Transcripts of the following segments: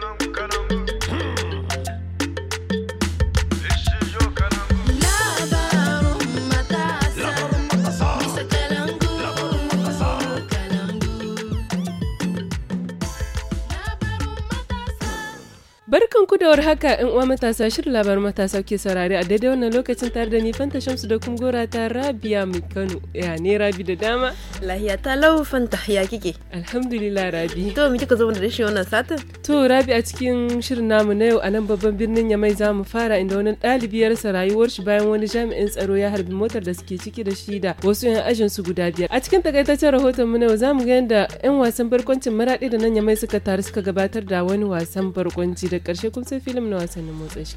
Nunca, nunca. Barkan ku da haka in uwa matasa shirin labarin matasa ke saurari a daidai wannan lokacin tare da ni Fanta Shamsu da kuma gora ta Rabia mai Kano. Ya ne Rabi da dama? Lahiya ta lau Fanta ya kike. Alhamdulillah Rabi. To mu kika zo da rashin wannan satin? To Rabi a cikin shirin namu na yau a nan babban birnin Yamai za mu fara inda wani ɗalibi ya rasa rayuwar shi bayan wani jami'in tsaro ya harbi motar da suke ciki da shi da wasu 'yan ajin su guda biyar. A cikin takaitaccen rahoton mu na yau za mu ga yadda 'yan wasan barkwancin maraɗi da nan ya mai suka taru suka gabatar da wani wasan barkwanci da daga ƙarshe kun san filin nawa sanin motsa shi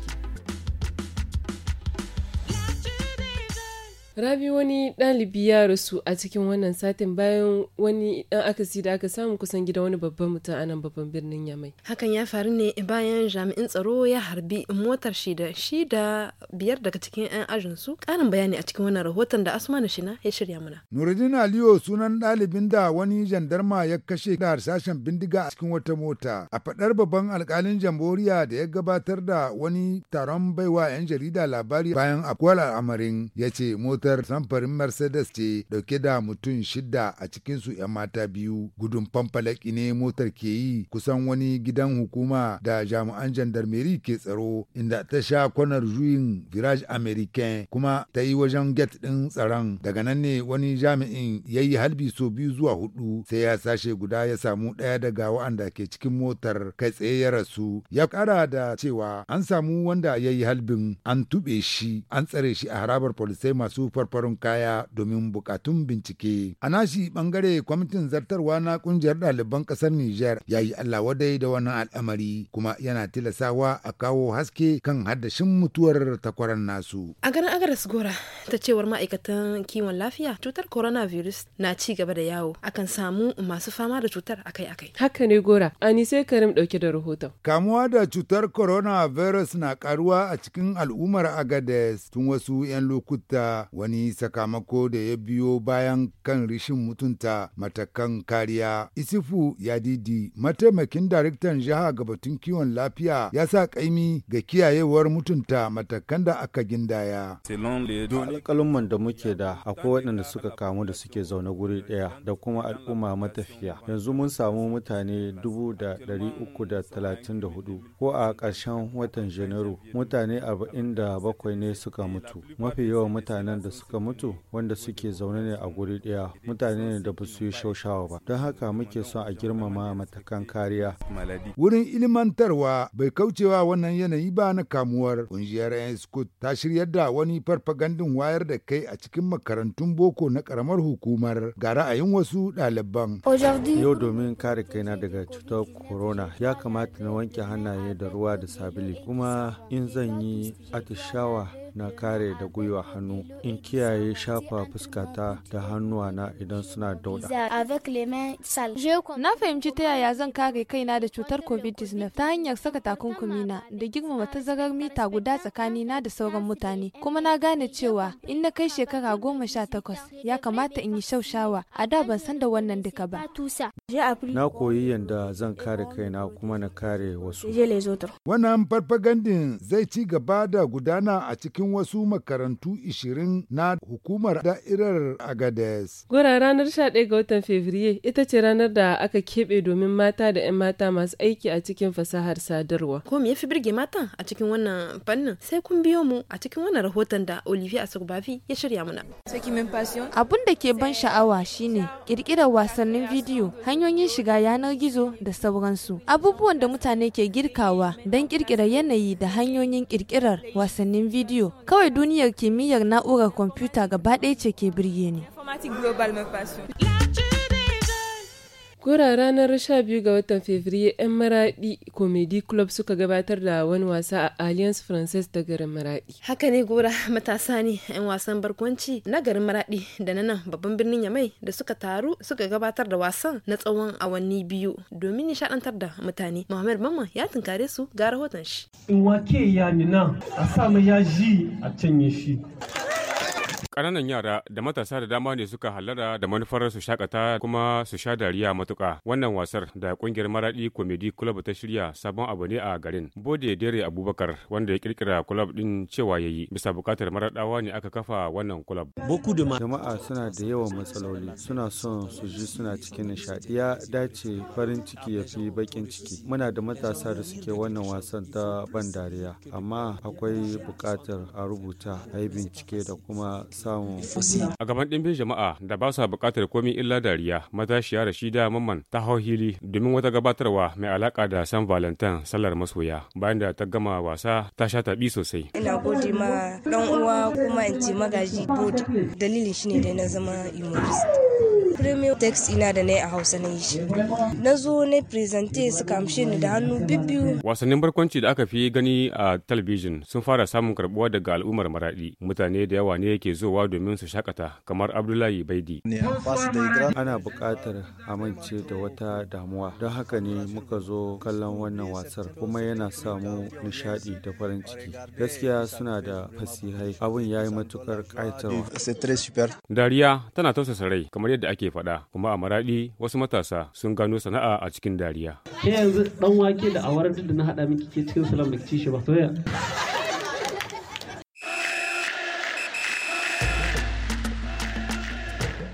Rabi wani ɗalibi ya rasu a cikin wannan satin bayan wani ɗan akasi da aka samu kusan gida wani babban mutum a nan babban birnin Yamai. Hakan ya faru ne bayan jami'in tsaro ya harbi motar shi da shi da biyar daga cikin 'yan ajinsu. Ƙarin bayani a cikin wannan rahoton da Asmanu Shina ya shirya mana. Nuruddin Aliyu sunan ɗalibin da wani jandarma ya kashe da harsashen bindiga a cikin wata mota. A faɗar babban alkalin jamhuriya da ya gabatar da wani taron baiwa 'yan jarida labari bayan akwai al'amarin ya ce motar motar samfarin Mercedes ce dauke da mutum shida a cikinsu 'yan mata biyu. Gudun famfalaki ne motar ke yi kusan wani gidan hukuma da jami'an jandarmeri ke tsaro inda ta sha kwanar juyin Virage American kuma ta yi wajen gate din tsaron. Daga nan ne wani jami'in ya yi halbi so biyu zuwa hudu sai ya sashe guda ya samu daya daga wa'anda ke cikin motar kai tsaye ya rasu. Ya kara da cewa an samu wanda ya yi halbin an tube shi an tsare shi a harabar polisai masu masu kaya domin bukatun bincike. A nashi bangare kwamitin zartarwa na kungiyar ɗaliban ƙasar Nijar ya yi Allah wadai da wannan al'amari kuma yana tilasawa a kawo haske kan haddashin mutuwar takwaran nasu. A garin Agaras Gora ta cewar ma'aikatan kiwon lafiya cutar coronavirus na ci gaba da yawo akan samu masu fama da cutar akai-akai. Haka ne Gora, Anise Karim ɗauke da rahoto. Kamuwa da cutar coronavirus na karuwa a cikin al'ummar Agades tun wasu 'yan lokuta wani sakamako da ya biyo bayan kan rishin mutunta matakan kariya. Isifu ya didi mataimakin daraktan jiha gabatun kiwon lafiya ya sa kaimi ga kiyayewar mutunta matakan da aka gindaya. Alƙalumman da muke da akwai waɗanda suka kamu da suke zaune guri ɗaya da kuma al'umma matafiya. Yanzu mun samu mutane dubu da ɗari uku da talatin da hudu ko a ƙarshen watan Janairu mutane arba'in da bakwai ne suka mutu. Mafi yawan mutanen da suka mutu wanda suke zaune ne a guri ɗaya mutane ne da basu yi shaushawa ba don haka muke son a girmama matakan kariya. Wurin ilmantarwa bai kaucewa wannan yanayi ba na kamuwar kungiyar yan scott ta shirya da wani farfagandin wayar da kai a cikin makarantun boko na karamar hukumar ga ra'ayin wasu ɗaliban. Yau domin kare kaina daga cutar corona ya kamata na wanke hannaye da ruwa da sabili kuma in zan yi atishawa na kare da gwiwa hannu in kiyaye shafa fuskata da hannuwana idan suna dauda. Na fahimci ta yaya zan kare kaina da cutar COVID-19 ta hanyar saka takunkumi na da girmama tazarar mita guda tsakani na da sauran mutane. Kuma na gane cewa in na kai shekara goma sha takwas ya kamata in yi shaushawa a da ban san da wannan duka ba. Na koyi yadda zan kare kaina kuma na kare wasu. Wannan farfagandin zai ci gaba da gudana a cikin cikin wasu makarantu 20 na hukumar da'irar Agades. Gora ranar 11 ga watan Fabriye ita ce ranar da aka keɓe domin mata da 'yan mata masu aiki a cikin fasahar sadarwa. Ko me ya fi birge mata a cikin wannan fannin? Sai kun biyo mu a cikin wannan rahoton da Olivier Asogbafi ya shirya muna. Abin da ke ban sha'awa shine ƙirƙirar wasannin bidiyo, hanyoyin shiga yanar gizo da sauransu. Abubuwan da mutane ke girkawa don ƙirƙirar yanayi da hanyoyin ƙirƙirar wasannin bidiyo kawai duniyar kimiyyar na'urar kwamfuta gaba ɗaya ce ke birge ni. Kura ranar 12 ga watan Fabrairu 'yan Maradi Comedy Club suka gabatar da wani wasa a Alliance Francaise da garin Maradi. Haka ne gora matasa ne 'yan wasan barkwanci na garin Maradi da na nan babban birnin Yamai da suka taru suka gabatar da wasan na tsawon awanni biyu domin nishadantar da mutane. Muhammad Mamman ya tunkare su ga rahoton shi. In wake ya nina a sa ya ji a canye shi. Ƙananan yara da matasa da dama ne suka hallara da manufar su shakata kuma su sha dariya matuka Wannan wasar da ƙungiyar Maraɗi Comedy Club ta shirya sabon abu ne a garin. Bode Dere Abubakar wanda ya kirkira club din cewa yayi bisa bukatar maraɗawa ne aka kafa wannan club. Boku da jama'a suna da yawan matsaloli suna son su ji suna cikin nishaɗi dace farin ciki ya fi baƙin ciki. Muna da matasa da suke wannan wasan ta ban dariya amma akwai bukatar a rubuta a yi bincike da kuma samu. A gaban ɗimbin jama'a da ba sa buƙatar komi illa dariya matashiya da Mamman ta hau hili domin wata gabatarwa mai alaƙa da San Valentin sallar masoya bayan da ta gama wasa ta sha taɓi sosai. Ina gode ma ɗan uwa kuma in ce magaji bod dalilin shine dai na zama humorist. premium text ina da na a hausa na yi shi na zo na presente su kamshi ni da hannu bibbiyu wasannin barkwanci da aka fi gani a talabijin sun fara samun karbuwa daga al'ummar maraɗi, mutane da yawa ne ke zowa domin su shakata kamar abdullahi baidi ana buƙatar amince da wata damuwa don haka ne muka zo kallon wannan wasar kuma yana samu nishaɗi da farin ciki gaskiya suna da fasihai abun ya yi matukar ƙaitarwa dariya tana tausasa rai kamar yadda ake faɗa kuma a maraɗi wasu matasa sun gano sana'a a cikin dariya. Ke yanzu ɗan wake da awarar da na haɗa miki ke cikin salam da ci shi ba soya.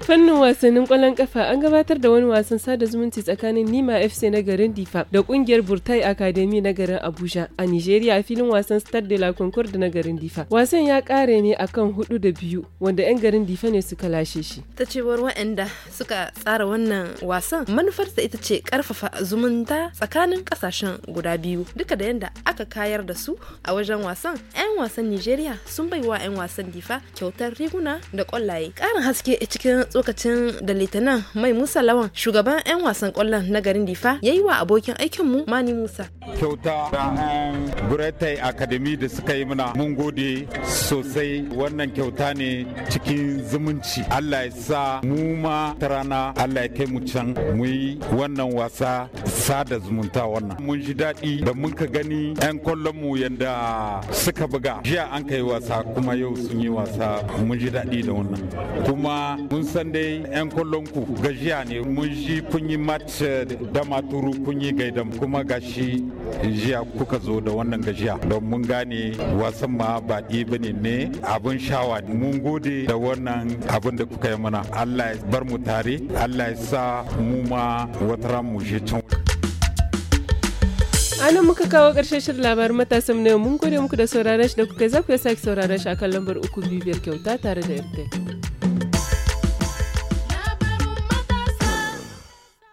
fannin wasannin kwallon kafa an gabatar da wani wasan sada zumunci tsakanin nima fc na garin difa da kungiyar burtai academy na garin abuja a nigeria a filin wasan star de la concord na garin difa wasan ya kare ne kan hudu da biyu wanda yan garin difa ne suka lashe shi ta cewar waɗanda suka tsara wannan wasan manufarsa ita ce karfafa zumunta tsakanin kasashen guda biyu duka da yadda aka kayar da su a wajen wasan 'yan wasan nigeria sun bai wa 'yan wasan difa kyautar riguna da kwallaye karin haske cikin tsokacin da litinin mai musa lawan shugaban 'yan wasan kwallon na garin difa ya yi wa abokin aikinmu mani musa kyauta da eh, buretai akademi da suka yi mana mun gode sosai wannan kyauta ne cikin zumunci allah ya sa mu ma ta rana allah ya kai mu can mu yi wannan wasa sada zumunta wannan mun ji daɗi da mun ka gani 'yan mu yadda suka buga jiya an kai wasa kuma yau sun yi wasa mun ji daɗi da wannan kuma mun san dai 'yan ku jiya ne mun ji kun yi match da maturu kun yi gaidam kuma gashi jiya kuka zo da wannan gajiya don mun gane wasan ma ba bane ne abin shawa mun gode da wannan abin da kuka yi mana allah ya bar mu tare allah ya sa mu ma wata ran mu je can Ana muka kawo ƙarshen shirin labarin matasan na yau mun gode muku da sauraron shi da kuka zaku ya sake sauraron shi a kan lambar uku biyu biyar kyauta tare da yadda